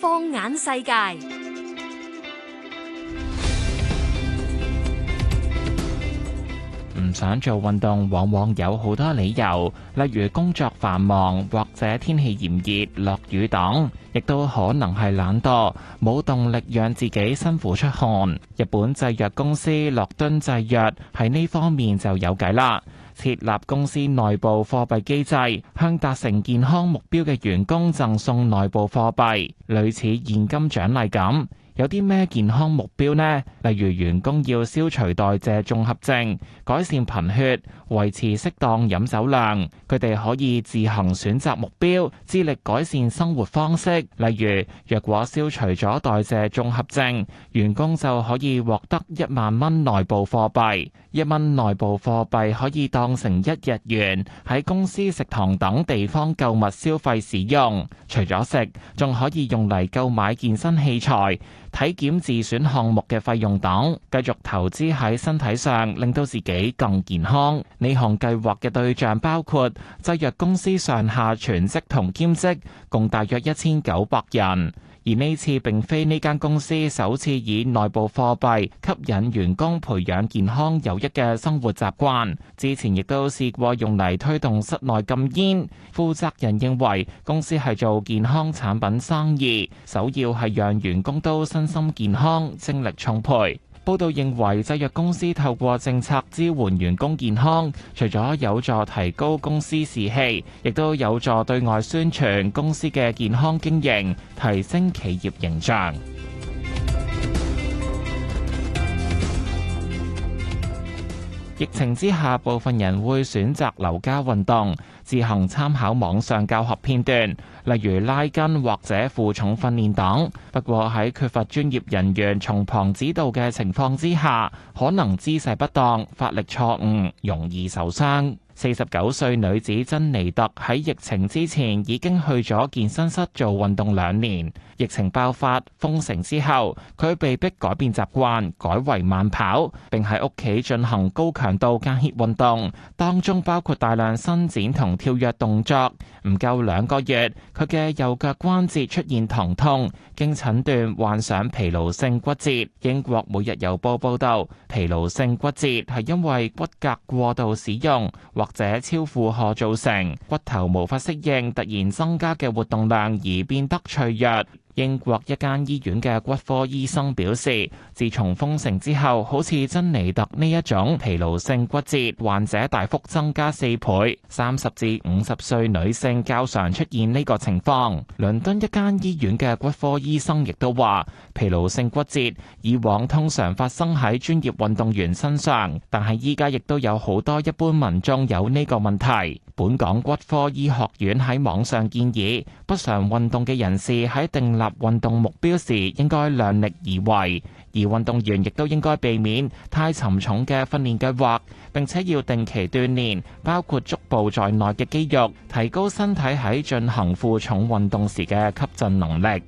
放眼世界，唔想做運動，往往有好多理由，例如工作繁忙，或者天氣炎熱、落雨等，亦都可能係懶惰、冇動力，讓自己辛苦出汗。日本製藥公司樂敦製藥喺呢方面就有計啦。設立公司內部貨幣機制，向達成健康目標嘅員工贈送內部貨幣，類似現金獎勵咁。有啲咩健康目標呢？例如員工要消除代謝綜合症、改善貧血、維持適當飲酒量。佢哋可以自行選擇目標，致力改善生活方式。例如，若果消除咗代謝綜合症，員工就可以獲得一萬蚊內部貨幣。一蚊內部貨幣可以當成一日元喺公司食堂等地方購物消費使用。除咗食，仲可以用嚟購買健身器材。體檢自選項目嘅費用，當繼續投資喺身體上，令到自己更健康。呢項計劃嘅對象包括製藥公司上下全職同兼職，共大約一千九百人。而呢次並非呢間公司首次以內部貨幣吸引員工培養健康有益嘅生活習慣，之前亦都試過用嚟推動室內禁煙，負責人認為公司係做健康產品生意，首要係讓員工都身心健康、精力充沛。報道認為，製藥公司透過政策支援員工健康，除咗有助提高公司士氣，亦都有助對外宣傳公司嘅健康經營，提升企業形象。疫情之下，部分人會選擇留家運動，自行參考網上教學片段，例如拉筋或者負重訓練等。不過喺缺乏專業人員從旁指導嘅情況之下，可能姿勢不當，發力錯誤，容易受傷。四十九歲女子珍妮特喺疫情之前已經去咗健身室做運動兩年。疫情爆發，封城之後，佢被迫改變習慣，改為慢跑，並喺屋企進行高強度間歇運動，當中包括大量伸展同跳躍動作。唔夠兩個月，佢嘅右腳關節出現疼痛，痛，經診斷患上疲勞性骨折。英國每日郵報報道，疲勞性骨折係因為骨骼過度使用，或者超負荷造成骨頭無法適應突然增加嘅活動量而變得脆弱。英國一間醫院嘅骨科醫生表示，自從封城之後，好似珍妮特呢一種疲勞性骨折患者大幅增加四倍，三十至五十歲女性較常出現呢個情況。倫敦一間醫院嘅骨科醫生亦都話，疲勞性骨折以往通常發生喺專業運動員身上，但係而家亦都有好多一般民眾有呢個問題。本港骨科醫學院喺網上建議，不常運動嘅人士喺訂立運動目標時，應該量力而為；而運動員亦都應該避免太沉重嘅訓練計劃，並且要定期鍛煉，包括足部在內嘅肌肉，提高身體喺進行負重運動時嘅吸震能力。